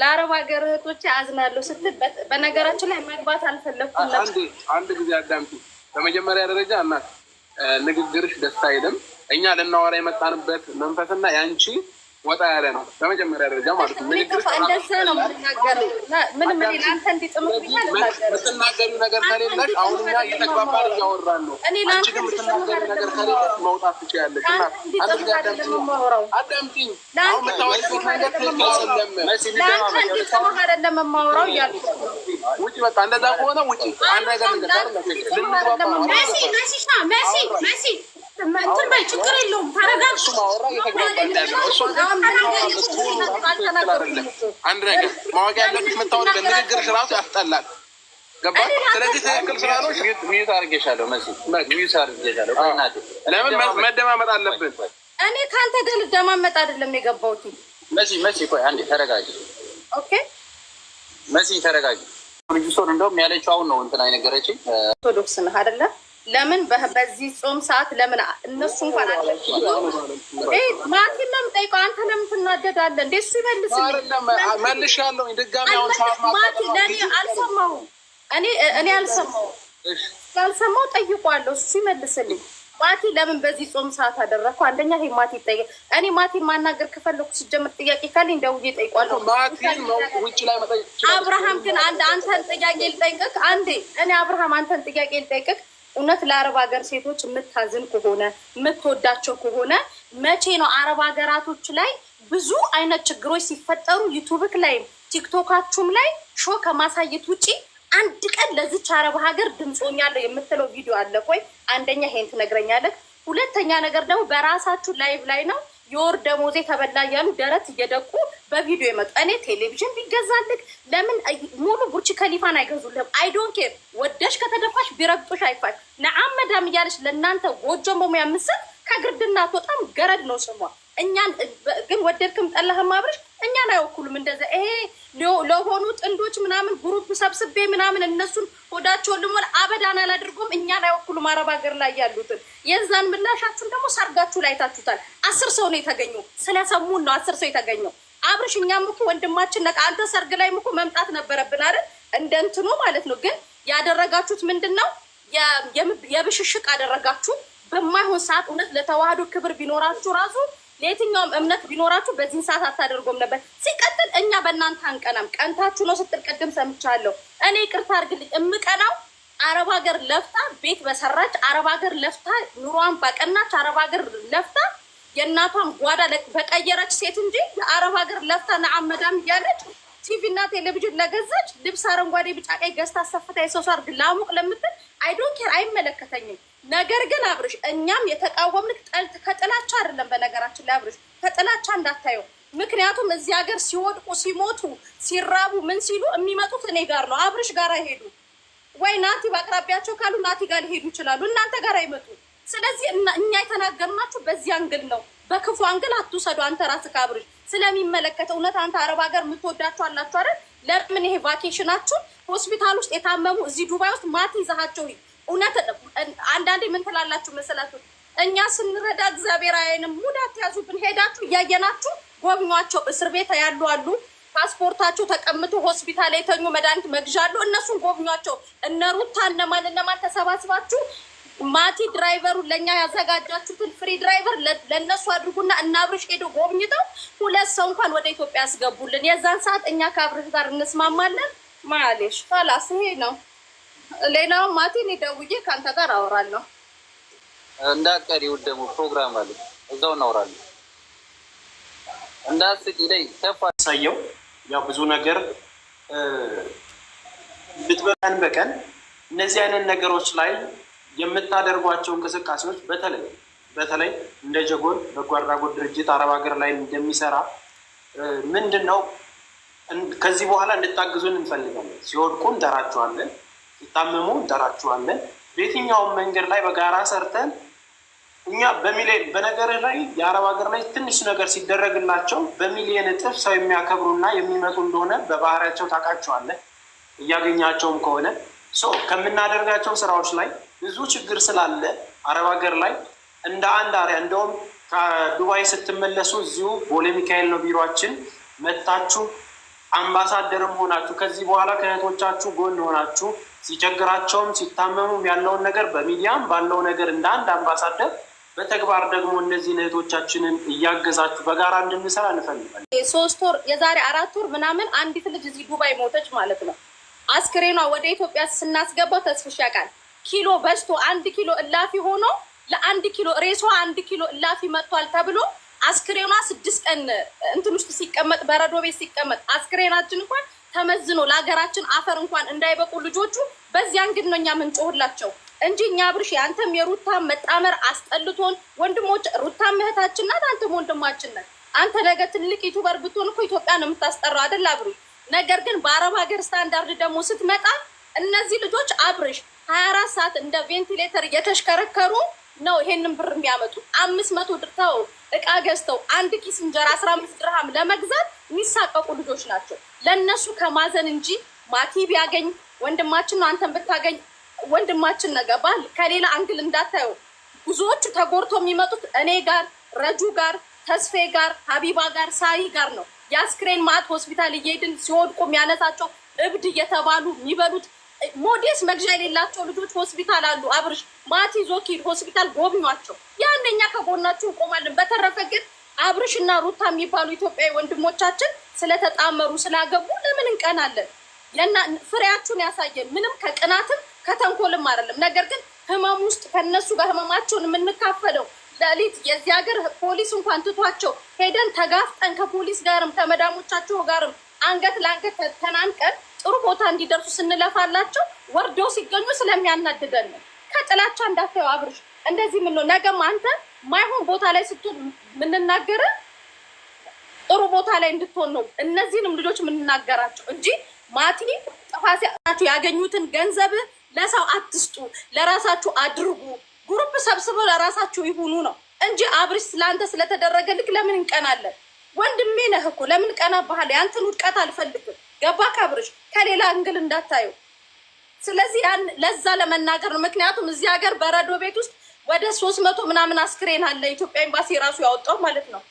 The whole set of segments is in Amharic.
ለአረብ ሀገር አዝን አዝናለሁ ስትል፣ በነገራችን ላይ መግባት አልፈለግኩም። አንድ ጊዜ አዳምቲ በመጀመሪያ ደረጃ እናት ንግግርሽ ደስ አይልም። እኛ ልናወራ የመጣንበት መንፈስና የአንቺ ወጣ ያለ ነው። በመጀመሪያ ደረጃ ማለት ነው። የምትናገሪው ነገር ከሌለሽ አሁን እኛ እየተግባባን እያወራን ነው። አንቺ ግን የምትናገሪው ነገር ከሌለሽ መውጣት ትችያለሽ። አዳምጪኝ። አሁን የምታወሪበት ነገር ትክክል አይደለም። የማወራው እያልኩ ውጪ፣ በቃ እንደዛ ከሆነ ውጪ። አንድ ነገር ልንግባ መሲ መሲ መሲ እንትን በይ ችግር እሱ ማወራ እየተግባባ ያለ እሱ አንድ ነገር ማወቅ ያለብሽ መታወቅ በንግግር ያስጠላል። ገባሽ? ስለዚህ ትክክል እኔ ከአንተ ጋር ልደማመጥ አይደለም የገባሁት። መሲ መሲ፣ ቆይ አንዴ ተረጋጊ። ኦኬ መሲ ተረጋጊ። ልጅ እንደውም ያለችው አሁን ነው እንትን አይነገረችኝ። ኦርቶዶክስ ነህ አይደለም ለምን በዚህ ጾም ሰዓት ለምን እነሱ እንኳን አለ ማንቲ ነው የምጠይቀው። አንተ ለምን ትናደዳለህ እንዴ? እሱ ይመልስልኝ። መልሻለሁ። እኔ እኔ አልሰማሁም። ካልሰማሁ ጠይቋለሁ። እሱ ይመልስልኝ። ማቲ ለምን በዚህ ጾም ሰዓት አደረግኩ? አንደኛ ይሄ ማቲ ይጠይቅ። እኔ ማቲ ማናገር ከፈለኩ ስጀምር ጥያቄ ካለኝ ደውዬ እጠይቋለሁ። አብርሃም ግን አንድ አንተን ጥያቄ ልጠይቅክ አንዴ እኔ አብርሃም አንተን ጥያቄ ልጠይቅክ እውነት ለአረብ ሀገር ሴቶች የምታዝን ከሆነ የምትወዳቸው ከሆነ መቼ ነው አረብ ሀገራቶች ላይ ብዙ አይነት ችግሮች ሲፈጠሩ ዩቱብክ ላይ ቲክቶካችሁም ላይ ሾ ከማሳየት ውጪ አንድ ቀን ለዚች አረብ ሀገር ድምፆኛለሁ የምትለው ቪዲዮ አለ? ቆይ አንደኛ ይሄን ትነግረኛለህ። ሁለተኛ ነገር ደግሞ በራሳችሁ ላይቭ ላይ ነው የወር ደሞዜ ተበላ እያሉ ደረት እየደቁ በቪዲዮ የመጡ እኔ ቴሌቪዥን ቢገዛልክ ለምን ሙሉ ቡርች ከሊፋን አይገዙልህም? አይዶን ኬር ወደሽ ከተደፋሽ ቢረግጦሽ አይፋሽ ነአመዳም እያለች ለእናንተ ጎጆ በሙያ ምስል ከግርድና ቶጣም ገረድ ነው ስሟ። እኛን ግን ወደድክም ጠላህም አብርሽ እኛን አይወኩሉም። እንደዛ ይሄ ለሆኑ ጥንዶች ምናምን ጉሩፕ ሰብስቤ ምናምን እነሱን ሆዳቸውን ልሞል አበዳን አላድርጎም። እኛን አይወኩሉም። አረብ ሀገር ላይ ያሉትን የዛን ምላሻችሁን ደግሞ ሰርጋችሁ ላይ ታችሁታል። አስር ሰው ነው የተገኘው። ስለሰሙን ነው አስር ሰው የተገኘው። አብርሽ እኛም እኮ ወንድማችን አንተ ሰርግ ላይ እኮ መምጣት ነበረብን አይደል? እንደ እንትኑ ማለት ነው። ግን ያደረጋችሁት ምንድን ነው? የብሽሽቅ አደረጋችሁ በማይሆን ሰዓት። እውነት ለተዋህዶ ክብር ቢኖራችሁ ራሱ ለየትኛውም እምነት ቢኖራችሁ በዚህን ሰዓት አታደርጎም ነበር። ሲቀጥል እኛ በእናንተ አንቀናም። ቀንታችሁ ነው ስትል ቅድም ሰምቻለሁ። እኔ ይቅርታ አድርግልኝ፣ እምቀናው አረብ ሀገር ለፍታ ቤት በሰራች አረብ ሀገር ለፍታ ኑሯን በቀናች አረብ ሀገር ለፍታ የእናቷም ጓዳ በቀየረች ሴት እንጂ የአረብ ሀገር ለፍታ ነአመዳም እያለች ቲቪ እና ቴሌቪዥን ለገዛች ልብስ አረንጓዴ፣ ቢጫ፣ ቀይ ገዝታ አሰፍታ የሰው ሰርግ ላሙቅ ለምትል አይ ኬር አይመለከተኝም። ነገር ግን አብርሽ እኛም የተቃወምንክ ጠልት ከጥላቻ አይደለም። በነገራችን ላይ አብርሽ ከጥላቻ እንዳታየው። ምክንያቱም እዚህ ሀገር ሲወድቁ ሲሞቱ ሲራቡ ምን ሲሉ የሚመጡት እኔ ጋር ነው፣ አብርሽ ጋር አይሄዱ ወይ ናቲ በአቅራቢያቸው ካሉ ናቲ ጋር ሊሄዱ ይችላሉ፣ እናንተ ጋር አይመጡ። ስለዚህ እኛ የተናገርናችሁ በዚህ አንግል ነው። በክፉ አንግል አትውሰዱ። አንተ ራስህ ከአብርሽ ስለሚመለከተው እውነት አንተ አረብ ሀገር የምትወዳቸው አላችሁ አይደል? ለምን ይሄ ቫኬሽናችሁን ሆስፒታል ውስጥ የታመሙ እዚህ ዱባይ ውስጥ ማት ይዛሃቸው። እውነት አንዳንዴ ምን ትላላችሁ መሰላችሁ? እኛ ስንረዳ እግዚአብሔር አይንም ሙዳት ያዙብን። ሄዳችሁ እያየናችሁ ጎብኟቸው። እስር ቤት ያሉ አሉ ፓስፖርታቸው ተቀምቶ ሆስፒታል የተኙ መድኃኒት መግዣ አሉ። እነሱን ጎብኟቸው። እነ ሩታ እነማን እነማን ተሰባስባችሁ ማቲ ድራይቨሩ ለእኛ ያዘጋጃችሁትን ፍሪ ድራይቨር ለእነሱ አድርጉና እና አብርሽ ሄዶ ጎብኝተው ሁለት ሰው እንኳን ወደ ኢትዮጵያ ያስገቡልን። የዛን ሰዓት እኛ ከአብርሽ ጋር እንስማማለን። ማሌሽ ላስ ይሄ ነው። ሌላውን ማቲ እኔ ደውዬ ከአንተ ጋር አወራለሁ። እንዳትቀሪ፣ ደግሞ ፕሮግራም አለ እዛው እናወራለን። እንዳትስቂ ላይ ተፋ ሳየው ያው ብዙ ነገር ብትበቀን በቀን እነዚህ አይነት ነገሮች ላይ የምታደርጓቸው እንቅስቃሴዎች በተለይ በተለይ እንደ ጀጎል በጎ አድራጎት ድርጅት አረብ ሀገር ላይ እንደሚሰራ ምንድን ነው ከዚህ በኋላ እንድታግዙን እንፈልጋለን። ሲወድቁ እንጠራችኋለን፣ ሲታመሙ እንጠራችኋለን። በየትኛውም መንገድ ላይ በጋራ ሰርተን እኛ በሚሊዮን በነገር ላይ የአረብ ሀገር ላይ ትንሽ ነገር ሲደረግላቸው በሚሊዮን እጥፍ ሰው የሚያከብሩና የሚመጡ እንደሆነ በባህሪያቸው ታውቃቸዋለህ። እያገኛቸውም ከሆነ ሶ ከምናደርጋቸው ስራዎች ላይ ብዙ ችግር ስላለ አረብ ሀገር ላይ እንደ አንድ አሪያ እንደውም ከዱባይ ስትመለሱ እዚሁ ቦሌ ሚካኤል ነው ቢሮችን መታችሁ አምባሳደርም ሆናችሁ ከዚህ በኋላ ከእህቶቻችሁ ጎን ሆናችሁ ሲቸግራቸውም ሲታመሙም ያለውን ነገር በሚዲያም ባለው ነገር እንደ አንድ አምባሳደር በተግባር ደግሞ እነዚህን እህቶቻችንን እያገዛችሁ በጋራ እንድንሰራ እንፈልጋለን። ሶስት ወር የዛሬ አራት ወር ምናምን አንዲት ልጅ እዚህ ዱባይ ሞተች ማለት ነው። አስክሬኗ ወደ ኢትዮጵያ ስናስገባው ተስፍሽ ያውቃል። ኪሎ በዝቶ አንድ ኪሎ እላፊ ሆኖ ለአንድ ኪሎ ሬሷ አንድ ኪሎ እላፊ መጥቷል ተብሎ አስክሬኗ ስድስት ቀን እንትን ውስጥ ሲቀመጥ በረዶ ቤት ሲቀመጥ አስክሬናችን እንኳን ተመዝኖ ለሀገራችን አፈር እንኳን እንዳይበቁ ልጆቹ በዚያን ግን ነው እኛ ምንጮህላቸው እንጂ እኛ ብርሽ አንተም የሩታ መጣመር አስጠልቶን ወንድሞች ሩታ እህታችን ናት፣ አንተም ወንድማችን ነን አንተ ነገ ትልቅ ዩቱበር ብትሆን እኮ ኢትዮጵያ ነው የምታስጠራው አይደል አብሩ ነገር ግን በአረብ ሀገር ስታንዳርድ ደግሞ ስትመጣ እነዚህ ልጆች አብርሽ ሀያ አራት ሰዓት እንደ ቬንቲሌተር እየተሽከረከሩ ነው ይሄንን ብር የሚያመጡ አምስት መቶ ድርተው እቃ ገዝተው አንድ ኪስ እንጀራ አስራ አምስት ድርሃም ለመግዛት የሚሳቀቁ ልጆች ናቸው። ለእነሱ ከማዘን እንጂ ማቲ ቢያገኝ ወንድማችን ነው አንተን ብታገኝ ወንድማችን ነገባል። ከሌላ አንግል እንዳታየው። ብዙዎቹ ተጎድቶ የሚመጡት እኔ ጋር፣ ረጁ ጋር፣ ተስፌ ጋር፣ ሀቢባ ጋር፣ ሳይ ጋር ነው። የአስክሬን ማት ሆስፒታል እየሄድን ሲወድቁ የሚያነሳቸው እብድ እየተባሉ የሚበሉት ሞዴስ መግዣ የሌላቸው ልጆች ሆስፒታል አሉ። አብርሽ ይዞ ኪድ ሆስፒታል ጎብኟቸው። ያንኛ ከጎናችሁ እንቆማለን። በተረፈ ግን አብርሽ እና ሩታ የሚባሉ ኢትዮጵያዊ ወንድሞቻችን ስለተጣመሩ ስላገቡ ለምን እንቀናለን? ፍሬያችሁን ያሳየን። ምንም ከቅናትም ከተንኮልም አይደለም። ነገር ግን ህመም ውስጥ ከነሱ ጋር ህመማቸውን የምንካፈለው ለሊት የዚህ ሀገር ፖሊስ እንኳን ትቷቸው ሄደን ተጋፍጠን ከፖሊስ ጋርም ከመዳሞቻቸው ጋርም አንገት ለአንገት ተናንቀን ጥሩ ቦታ እንዲደርሱ ስንለፋላቸው ወርደው ሲገኙ ስለሚያናድደን ነው። ከጥላቻ እንዳታየው አብርሽ፣ እንደዚህ ምን ነው ነገም አንተ ማይሆን ቦታ ላይ ስትሆን የምንናገር ጥሩ ቦታ ላይ እንድትሆን ነው። እነዚህንም ልጆች የምንናገራቸው እንጂ ማቲ ጥፋት ያገኙትን ገንዘብ ለሰው አትስጡ፣ ለራሳችሁ አድርጉ ግሩፕ ሰብስበው ለራሳችሁ ይሁኑ ነው እንጂ አብርሽ ስለአንተ ልክ ለምን እንቀናለን? ወንድሜ ነህ እኮ ለምን ቀና ባህል ያንተን ውድቀት አልፈልግም። ገባ ካብርሽ ከሌላ እንግል እንዳታዩ። ስለዚህ ያን ለዛ ለመናገር ነው። ምክንያቱም እዚህ ሀገር በረዶ ቤት ውስጥ ወደ ሶስት መቶ ምናምን አስክሬን አለ ኢትዮጵያ ኤምባሲ ራሱ ያወጣው ማለት ነው።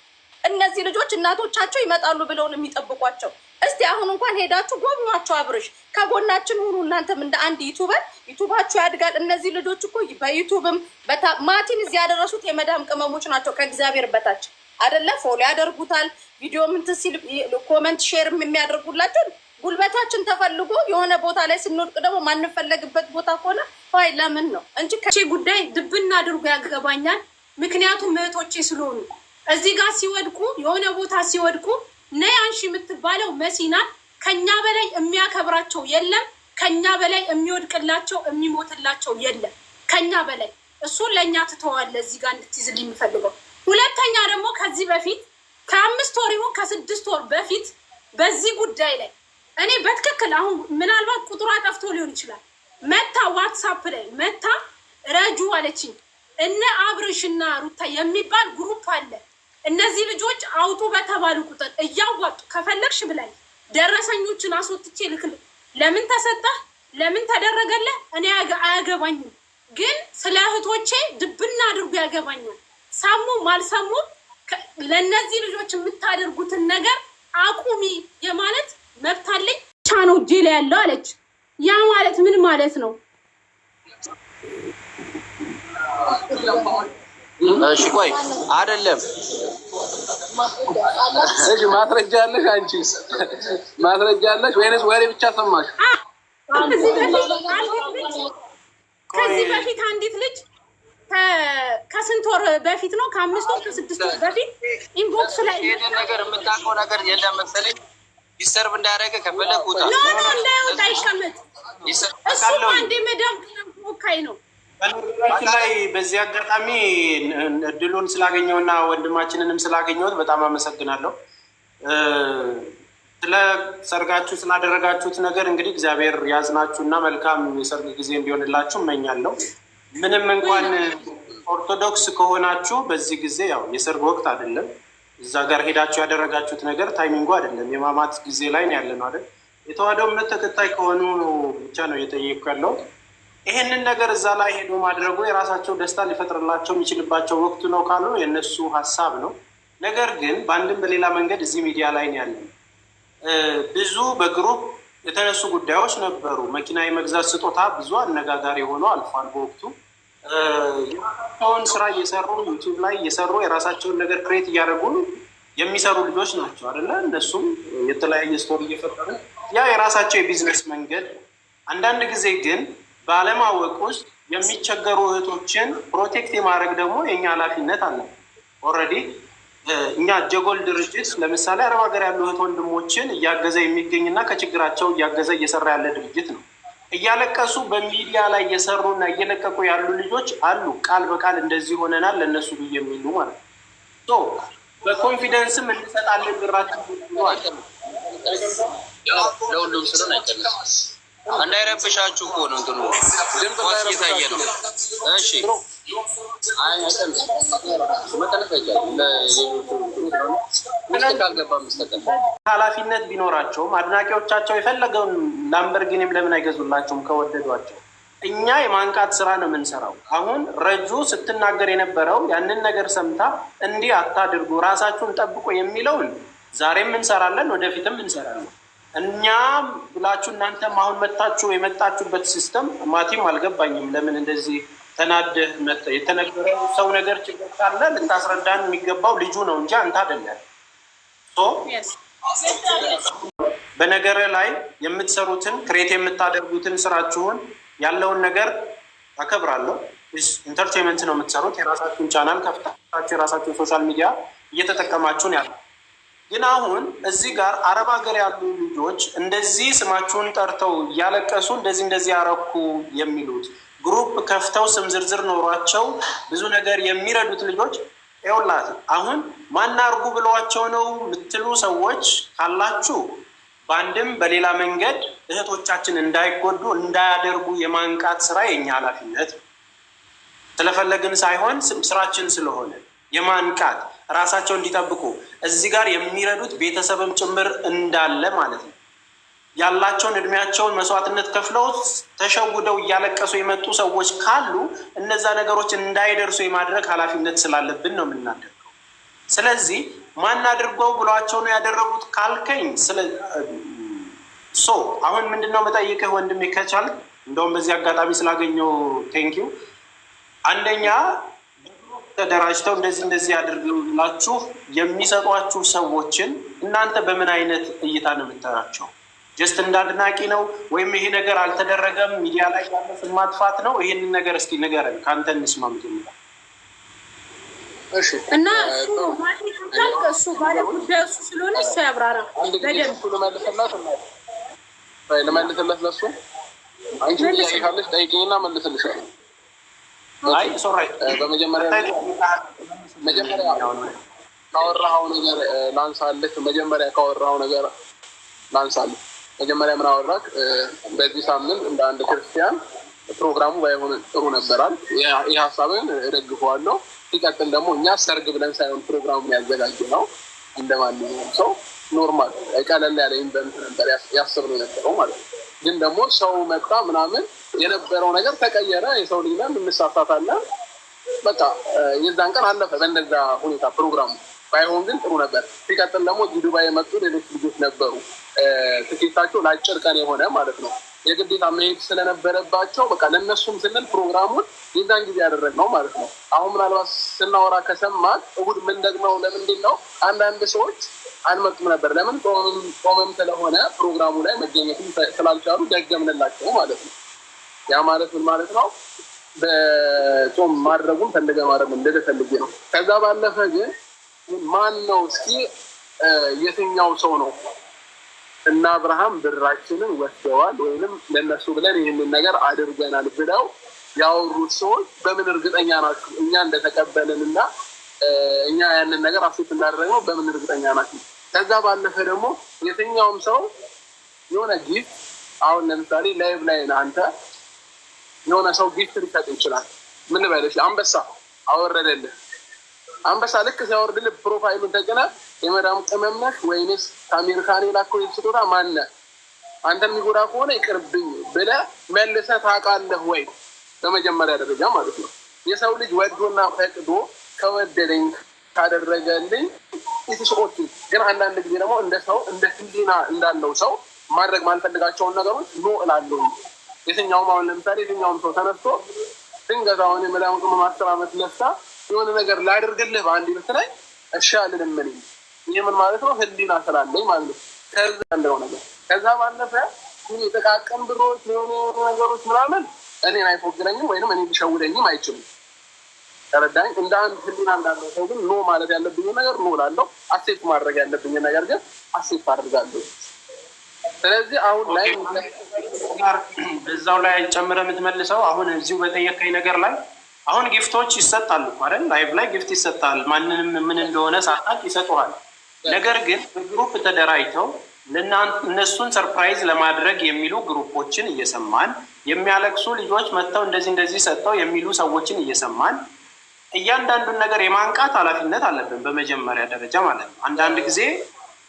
እነዚህ ልጆች እናቶቻቸው ይመጣሉ ብለውን የሚጠብቋቸው እስቲ አሁን እንኳን ሄዳችሁ ጎብኟቸው። አብርሽ ከጎናችን ሁኑ። እናንተም እንደ አንድ ዩቱበር ዩቱባችሁ ያድጋል። እነዚህ ልጆች እኮ በዩቱብም ማቲን እዚህ ያደረሱት የመዳም ቅመሞች ናቸው። ከእግዚአብሔር በታች አደለ? ፎሎ ያደርጉታል። ቪዲዮ ምንት ሲል ኮመንት ሼርም የሚያደርጉላቸው ጉልበታችን ተፈልጎ የሆነ ቦታ ላይ ስንወድቅ ደግሞ ማንፈለግበት ቦታ ከሆነ ይ ለምን ነው እንጂ ከቺ ጉዳይ ድብና አድርጎ ያገባኛል። ምክንያቱም እህቶቼ ስለሆኑ እዚህ ጋር ሲወድቁ የሆነ ቦታ ሲወድቁ ነይ አንሺ የምትባለው መሲናት ከኛ በላይ የሚያከብራቸው የለም። ከኛ በላይ የሚወድቅላቸው የሚሞትላቸው የለም። ከኛ በላይ እሱን ለእኛ ትተዋለ። እዚህ ጋር እንድትይዝል የሚፈልገው ሁለተኛ ደግሞ ከዚህ በፊት ከአምስት ወር ይሁን ከስድስት ወር በፊት በዚህ ጉዳይ ላይ እኔ በትክክል አሁን ምናልባት ቁጥሯ ጠፍቶ ሊሆን ይችላል። መታ ዋትሳፕ ላይ መታ ረጁ አለችኝ። እነ አብርሽና ሩታ የሚባል ግሩፕ አለ እነዚህ ልጆች አውጡ በተባሉ ቁጥር እያዋጡ ከፈለግሽ ብላይ ደረሰኞችን አስወጥቼ ልክል። ለምን ተሰጠህ፣ ለምን ተደረገለህ እኔ አያገባኝም፣ ግን ስለ እህቶቼ ድብና አድርጉ ያገባኛል። ሰሙም አልሰሙም ለእነዚህ ልጆች የምታደርጉትን ነገር አቁሚ የማለት መብት አለኝ። ቻ ነው እጄ ላይ ያለው አለች። ያ ማለት ምን ማለት ነው? እሺ ቆይ አይደለም እሺ ማስረጃ አለሽ አንቺስ ማስረጃ አለሽ ወይንስ ወሬ ብቻ ሰማሽ ከዚህ በፊት አንዲት ልጅ ከስንት ወር በፊት ነው ከአምስት ወር ከስድስት ወር በፊት ኢንቦክስ ላይ ይሄንን ነገር የምታውቀው ነገር የለም መሰለኝ ይሰርብ እንዳያደረገ ከፈለግ ውጣ ኖ ኖ እንዳይወጣ ይቀመጥ እሱ አንዴ መዳም ሞካይ ነው በነገራችን ላይ በዚህ አጋጣሚ እድሉን ስላገኘውና ወንድማችንንም ስላገኘሁት በጣም አመሰግናለሁ። ስለ ሰርጋችሁ ስላደረጋችሁት ነገር እንግዲህ እግዚአብሔር ያዝናችሁና መልካም የሰርግ ጊዜ እንዲሆንላችሁ እመኛለሁ። ምንም እንኳን ኦርቶዶክስ ከሆናችሁ በዚህ ጊዜ ያው የሰርግ ወቅት አይደለም። እዛ ጋር ሄዳችሁ ያደረጋችሁት ነገር ታይሚንጉ አይደለም። የማማት ጊዜ ላይ ነው ያለ ነው አይደል? የተዋህዶ እምነት ተከታይ ከሆኑ ብቻ ነው እየጠየቅኩ ያለሁት። ይህንን ነገር እዛ ላይ ሄዶ ማድረጉ የራሳቸው ደስታ ሊፈጥርላቸው የሚችልባቸው ወቅቱ ነው ካሉ የእነሱ ሀሳብ ነው። ነገር ግን በአንድም በሌላ መንገድ እዚህ ሚዲያ ላይ ነው ያለ ብዙ በግሩፕ የተነሱ ጉዳዮች ነበሩ። መኪና የመግዛት ስጦታ ብዙ አነጋጋሪ ሆኖ አልፏል። በወቅቱ የራሳቸውን ስራ እየሰሩ ዩቱብ ላይ እየሰሩ የራሳቸውን ነገር ክሬት እያደረጉ የሚሰሩ ልጆች ናቸው አደለ? እነሱም የተለያየ ስቶሪ እየፈጠሩ ያ የራሳቸው የቢዝነስ መንገድ አንዳንድ ጊዜ ግን ባለማወቅ ውስጥ የሚቸገሩ እህቶችን ፕሮቴክት የማድረግ ደግሞ የኛ ኃላፊነት አለ። ኦልሬዲ እኛ ጀጎል ድርጅት ለምሳሌ አረብ ሀገር ያሉ እህት ወንድሞችን እያገዘ የሚገኝና ከችግራቸው እያገዘ እየሰራ ያለ ድርጅት ነው። እያለቀሱ በሚዲያ ላይ እየሰሩና እየለቀቁ ያሉ ልጆች አሉ። ቃል በቃል እንደዚህ ሆነናል ለእነሱ ብዬ የሚሉ ማለት ነው። በኮንፊደንስም እንሰጣለን ብራቸው ለሁሉም እንዳይረብሻችሁ ነው እንትኑ ወስድ የታየ ነው። እሺ ኃላፊነት ቢኖራቸውም አድናቂዎቻቸው የፈለገውን ላምበርጊኒም ለምን አይገዙላቸውም ከወደዷቸው? እኛ የማንቃት ስራ ነው የምንሰራው። አሁን ረጁ ስትናገር የነበረው ያንን ነገር ሰምታ እንዲህ አታድርጉ፣ ራሳችሁን ጠብቁ የሚለውን ዛሬም እንሰራለን፣ ወደፊትም እንሰራለን። እኛም ብላችሁ እናንተም አሁን መታችሁ የመጣችሁበት ሲስተም ማቲም አልገባኝም። ለምን እንደዚህ ተናደህ መጠ የተነገረው ሰው ነገር ችግር ካለ ልታስረዳን የሚገባው ልጁ ነው እንጂ አንተ አይደለም። በነገር ላይ የምትሰሩትን ክሬት የምታደርጉትን ስራችሁን ያለውን ነገር አከብራለሁ። ኢንተርቴንመንት ነው የምትሰሩት። የራሳችሁን ቻናል ከፍታችሁ የራሳችሁን ሶሻል ሚዲያ እየተጠቀማችሁን ያለ ግን አሁን እዚህ ጋር አረብ ሀገር ያሉ ልጆች እንደዚህ ስማችሁን ጠርተው እያለቀሱ እንደዚህ እንደዚህ ያረኩ የሚሉት ግሩፕ ከፍተው ስም ዝርዝር ኖሯቸው ብዙ ነገር የሚረዱት ልጆች ይውላት አሁን ማን አርጉ ብለዋቸው ነው የምትሉ ሰዎች ካላችሁ በአንድም በሌላ መንገድ እህቶቻችን እንዳይጎዱ እንዳያደርጉ የማንቃት ስራ የኛ ኃላፊነት ስለፈለግን ሳይሆን ስራችን ስለሆነ የማንቃት ራሳቸው እንዲጠብቁ እዚህ ጋር የሚረዱት ቤተሰብም ጭምር እንዳለ ማለት ነው። ያላቸውን እድሜያቸውን መስዋዕትነት ከፍለው ተሸውደው እያለቀሱ የመጡ ሰዎች ካሉ እነዛ ነገሮች እንዳይደርሱ የማድረግ ኃላፊነት ስላለብን ነው የምናደርገው። ስለዚህ ማን አድርገው ብሏቸው ነው ያደረጉት ካልከኝ ሶ አሁን ምንድን ነው መጠይቅህ ወንድሜ ከቻል እንደውም በዚህ አጋጣሚ ስላገኘው ቴንኪው አንደኛ ተደራጅተው እንደዚህ እንደዚህ ያድርግ የሚሰጧችሁ ሰዎችን እናንተ በምን አይነት እይታ ነው የምታያቸው? ጀስት እንዳድናቂ ነው ወይም ይሄ ነገር አልተደረገም ሚዲያ ላይ ያለፍ ማጥፋት ነው? ይህንን ነገር እስኪ ንገረን፣ ከአንተ እንስማም። መጀመሪያ። እና እሱ ባለ ጉዳዩ እሱ ስለሆነ እሱ ያብራራ በደንብ ልመልስላት ለሱ አንቺ ያለሽ ጠይቅኝና መልስልሻል አይ ሶሪ፣ በመጀመሪያ መጀመሪያ ካወራኸው ነገር ላንሳልህ። መጀመሪያ ካወራኸው ነገር ላንሳልህ። መጀመሪያ ምን አወራህ? በዚህ ሳምንት እንደ አንድ ክርስቲያን ፕሮግራሙ ባይሆን ጥሩ ነበራል። ይህ ሀሳብን እደግፈዋለሁ። ሲቀጥል ደግሞ እኛ ሰርግ ብለን ሳይሆን ፕሮግራሙን ያዘጋጀ ነው እንደ ማንኛውም ሰው ኖርማል ቀለል ያለ ኢንቨንት ነበር ያስብ ነው የነበረው ማለት ነው። ግን ደግሞ ሰው መጣ ምናምን የነበረው ነገር ተቀየረ። የሰው ልጅ ነን እንሳሳታለን። በቃ የዛን ቀን አለፈ በእነዛ ሁኔታ ፕሮግራሙ ባይሆን ግን ጥሩ ነበር። ሲቀጥል ደግሞ ዱባይ የመጡ ሌሎች ልጆች ነበሩ። ትኬታቸው ለአጭር ቀን የሆነ ማለት ነው የግዴታ መሄድ ስለነበረባቸው በቃ ለእነሱም ስንል ፕሮግራሙን የዛን ጊዜ ያደረግነው ማለት ነው። አሁን ምናልባት ስናወራ ከሰማት እሁድ ምንደግመው ለምንድን ነው አንዳንድ ሰዎች አንመጡም ነበር። ለምን ጾምም ስለሆነ ፕሮግራሙ ላይ መገኘትም ስላልቻሉ ደገምንላቸው ማለት ነው። ያ ማለት ምን ማለት ነው? በጾም ማድረጉን ፈልገ ማድረግ እንደተፈልጌ ነው። ከዛ ባለፈ ግን ማን ነው እስኪ የትኛው ሰው ነው እና አብርሃም ብራችንን ወስደዋል ወይም ለነሱ ብለን ይህንን ነገር አድርገናል ብለው ያወሩት ሰዎች በምን እርግጠኛ ናችሁ? እኛ እንደተቀበልን እና እኛ ያንን ነገር አሴት እንዳደረግነው በምን እርግጠኛ ናችሁ? ከዛ ባለፈ ደግሞ የትኛውም ሰው የሆነ ጊፍት አሁን ለምሳሌ ላይቭ ላይ አንተ የሆነ ሰው ጊፍት ሊሰጥ ይችላል። ምን በልሽ አንበሳ አወረደልህ። አንበሳ ልክ ሲያወርድልህ ፕሮፋይሉን ተጭነ የመዳም ቅመም ነህ ወይንስ ከአሜሪካን የላከው ስጦታ ማነህ አንተ የሚጎዳ ከሆነ ይቅርብኝ ብለህ መልሰህ ታውቃለህ ወይ? በመጀመሪያ ደረጃ ማለት ነው። የሰው ልጅ ወዶና ፈቅዶ ከወደደኝ ካደረገልኝ ኢትስቆቱ ግን አንዳንድ ጊዜ ደግሞ እንደ ሰው እንደ ህሊና እንዳለው ሰው ማድረግ ማንፈልጋቸውን ነገሮች ኖ እላለሁ። የትኛውም አሁን ለምሳሌ የትኛውም ሰው ተነስቶ ድንገት አሁን የመዳም ቅመም አስር ዓመት ለፍታ የሆነ ነገር ላድርግልህ በአንድ ቤት ላይ እሺ አልልም። ይህ ምን ማለት ነው? ህሊና ስላለኝ ማለት ነው። ከዚ ያለው ነገር ከዛ ባለፈ የጠቃቀም ብሮች የሆኑ ነገሮች ምናምን እኔን አይፎግረኝም ወይም እኔ ሊሸውደኝም አይችልም ተረዳኝ። እንደ አንድ ህሊና እንዳለው ሰው ግን ኖ ማለት ያለብኝ ነገር ኖ ላለው፣ አሴት ማድረግ ያለብኝ ነገር ግን አሴት አድርጋለሁ። ስለዚህ አሁን ላይ እዛው ላይ ጨምረ የምትመልሰው አሁን እዚሁ በጠየቀኝ ነገር ላይ አሁን ጊፍቶች ይሰጣሉ ማለት ላይቭ ላይ ጊፍት ይሰጣል። ማንንም ምን እንደሆነ ሳታቅ ይሰጡሃል። ነገር ግን በግሩፕ ተደራጅተው እነሱን ሰርፕራይዝ ለማድረግ የሚሉ ግሩፖችን እየሰማን የሚያለቅሱ ልጆች መጥተው እንደዚህ እንደዚህ ሰጠው የሚሉ ሰዎችን እየሰማን እያንዳንዱን ነገር የማንቃት ኃላፊነት አለብን በመጀመሪያ ደረጃ ማለት ነው። አንዳንድ ጊዜ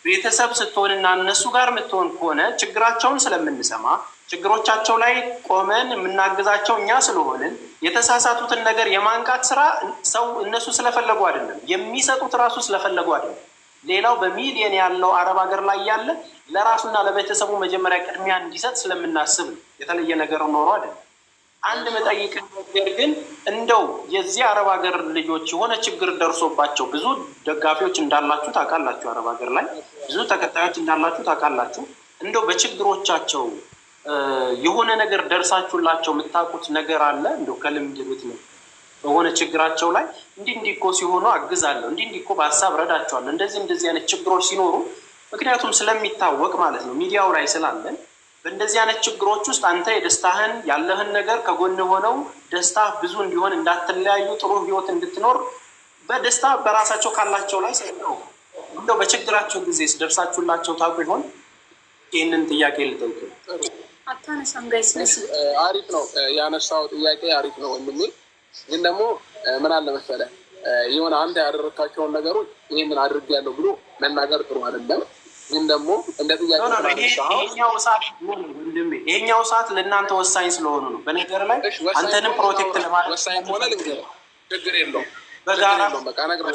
ቤተሰብ ስትሆንና እነሱ ጋር የምትሆን ከሆነ ችግራቸውን ስለምንሰማ ችግሮቻቸው ላይ ቆመን የምናግዛቸው እኛ ስለሆንን የተሳሳቱትን ነገር የማንቃት ስራ ሰው እነሱ ስለፈለጉ አይደለም የሚሰጡት ራሱ ስለፈለጉ አይደለም። ሌላው በሚሊየን ያለው አረብ ሀገር ላይ ያለ ለራሱና ለቤተሰቡ መጀመሪያ ቅድሚያ እንዲሰጥ ስለምናስብ ነው። የተለየ ነገር ኖሮ አይደለም። አንድ መጠይቅ ነገር ግን እንደው የዚህ አረብ ሀገር ልጆች የሆነ ችግር ደርሶባቸው ብዙ ደጋፊዎች እንዳላችሁ ታውቃላችሁ፣ አረብ ሀገር ላይ ብዙ ተከታዮች እንዳላችሁ ታውቃላችሁ። እንደው በችግሮቻቸው የሆነ ነገር ደርሳችሁላቸው የምታውቁት ነገር አለ? እንደው ከልምድ ቤት ነው በሆነ ችግራቸው ላይ እንዲህ እንዲህ እኮ ሲሆኑ አግዛለሁ፣ እንዲህ እንዲህ እኮ በሀሳብ ረዳቸዋለሁ፣ እንደዚህ እንደዚህ አይነት ችግሮች ሲኖሩ ምክንያቱም ስለሚታወቅ ማለት ነው ሚዲያው ላይ ስላለን በእንደዚህ አይነት ችግሮች ውስጥ አንተ የደስታህን ያለህን ነገር ከጎን ሆነው ደስታ ብዙ እንዲሆን እንዳትለያዩ ጥሩ ህይወት እንድትኖር በደስታ በራሳቸው ካላቸው ላይ ሰው እንደው በችግራቸው ጊዜ ስደርሳችሁላቸው ታውቁ ይሆን? ይህንን ጥያቄ ልጠይቅ። አሪፍ ነው ያነሳው ጥያቄ አሪፍ ነው ወንድሜ። ግን ደግሞ ምን አለ መሰለህ የሆነ አንተ ያደረካቸውን ነገሮች አድርግ ያለው ብሎ መናገር ጥሩ አይደለም። ግን ደግሞ እንደ ጥያቄ ይሄኛው ሰዓት ለእናንተ ወሳኝ ስለሆኑ ነው። በነገር ላይ አንተንም ፕሮቴክት ለማድረግ ወሳኝ ልንገርህ፣ ችግር የለውም። በጋራ በቃ ነገር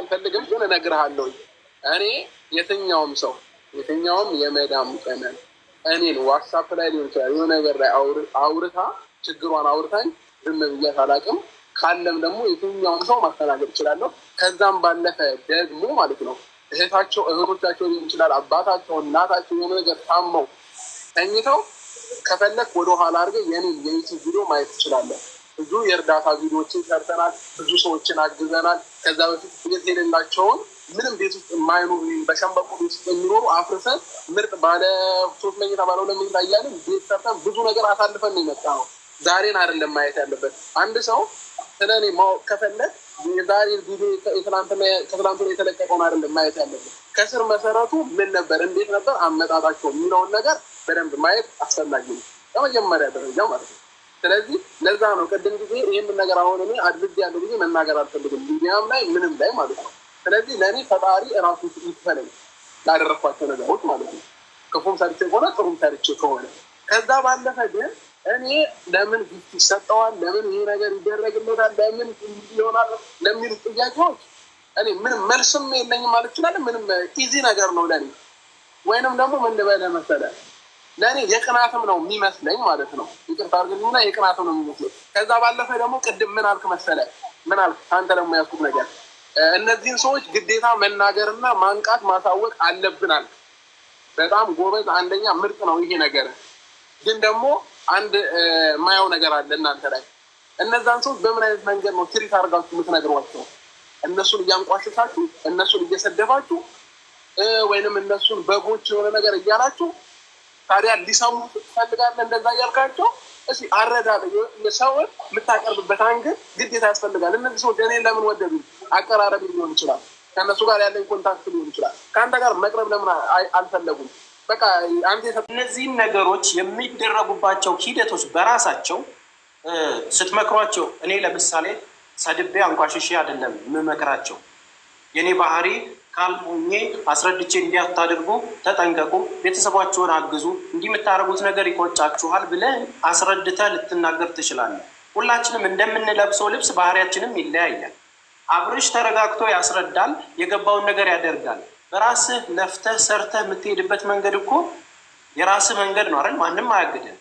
አልፈልግም፣ ግን እነግርሃለሁ። እኔ የትኛውም ሰው የትኛውም የመዳም ቀመን እኔን ዋትሳፕ ላይ ሊሆን ይችላል የሆነ ነገር ላይ አውርታ ችግሯን አውርታኝ ዝም ብያት አላውቅም። ካለም ደግሞ የትኛውም ሰው ማስተናገድ እችላለሁ። ከዛም ባለፈ ደግሞ ማለት ነው እህታቸው እህቶቻቸው ሊሆን ይችላል አባታቸው እናታቸው የሆነ ነገር ታመው ተኝተው ከፈለግ ወደ ኋላ አድርገህ የኔን የዩቲዩብ ቪዲዮ ማየት ትችላለህ። ብዙ የእርዳታ ቪዲዮዎችን ሰርተናል። ብዙ ሰዎችን አግዘናል። ከዛ በፊት ቤት የሌላቸውን ምንም ቤት ውስጥ የማይኖሩ በሸንበቆ ቤት ውስጥ የሚኖሩ አፍርሰን ምርጥ ባለ ሶስት መኝታ ባለ ሁለት መኝታ እያለን ቤት ሰርተን ብዙ ነገር አሳልፈን የመጣ ነው። ዛሬን አይደለም ማየት ያለበት። አንድ ሰው ስለ እኔ ማወቅ ከፈለግ ዛሬ ከትላንትና የተለቀቀውን አይደለም ማየት ያለብን። ከስር መሰረቱ ምን ነበር፣ እንዴት ነበር አመጣጣቸው የሚለውን ነገር በደንብ ማየት አስፈላጊ ነው፣ ለመጀመሪያ ደረጃ ማለት ነው። ስለዚህ ለዛ ነው ቅድም ጊዜ ይህም ነገር አሁን እኔ አድርግ ያለው ጊዜ መናገር አልፈልግም፣ ሚዲያም ላይ ምንም ላይ ማለት ነው። ስለዚህ ለእኔ ፈጣሪ እራሱ ይክፈለኝ ላደረግኳቸው ነገሮች ማለት ነው። ክፉም ሰርቼ ከሆነ ጥሩም ሰርቼ ከሆነ ከዛ ባለፈ ግን እኔ ለምን ጊፍት ይሰጠዋል፣ ለምን ይህ ነገር ይደረግለታል፣ ለምን ይሆናል ለሚሉ ጥያቄዎች እኔ ምንም መልስም የለኝም ማለት ይችላል። ምንም ኢዚ ነገር ነው ለእኔ ወይንም ደግሞ ምን ልበለ ለእኔ የቅናትም ነው የሚመስለኝ ማለት ነው። ይቅርታ አድርግልኝና የቅናትም ነው የሚመስለኝ። ከዛ ባለፈ ደግሞ ቅድም ምን አልክ መሰለ ምን አልክ አንተ ደግሞ ያስኩት ነገር እነዚህን ሰዎች ግዴታ መናገርና ማንቃት ማሳወቅ አለብናል። በጣም ጎበዝ፣ አንደኛ ምርጥ ነው ይሄ ነገር ግን ደግሞ አንድ ማየው ነገር አለ እናንተ ላይ። እነዛን ሰዎች በምን አይነት መንገድ ነው ትሪት አድርጋችሁ የምትነግሯቸው? እነሱን እያንቋሸሻችሁ፣ እነሱን እየሰደባችሁ፣ ወይንም እነሱን በጎች የሆነ ነገር እያላችሁ ታዲያ ሊሰሙ ትፈልጋለህ? እንደዛ እያልካቸው እሺ፣ አረዳ ሰውን የምታቀርብበት አንግል ግዴታ ያስፈልጋል። እነዚህ ሰዎች እኔን ለምን ወደዱ? አቀራረብ ሊሆን ይችላል፣ ከእነሱ ጋር ያለኝ ኮንታክት ሊሆን ይችላል። ከአንተ ጋር መቅረብ ለምን አልፈለጉም? በቃ እነዚህን ነገሮች የሚደረጉባቸው ሂደቶች በራሳቸው ስትመክሯቸው፣ እኔ ለምሳሌ ሰድቤ አንቋሽሼ አይደለም የምመክራቸው። የእኔ ባህሪ ካልሆኜ አስረድቼ እንዲያታደርጉ ተጠንቀቁ፣ ቤተሰባችሁን አግዙ፣ እንዲህ የምታደርጉት ነገር ይቆጫችኋል ብለን አስረድተ ልትናገር ትችላለህ። ሁላችንም እንደምንለብሰው ልብስ ባህሪያችንም ይለያያል። አብርሽ ተረጋግቶ ያስረዳል፣ የገባውን ነገር ያደርጋል። በራስህ ለፍተህ ሰርተህ የምትሄድበት መንገድ እኮ የራስህ መንገድ ነው አይደል? ማንም አያግድም።